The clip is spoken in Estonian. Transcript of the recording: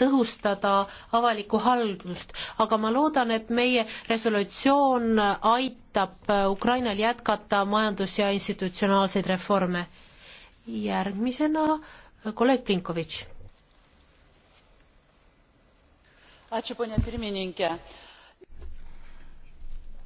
tõhustada avalikku haldust, aga ma loodan, et meie resolutsioon aitab Ukrainal jätkata majandus- ja institutsionaalseid reforme. järgmisena kolleeg Plinkovitš.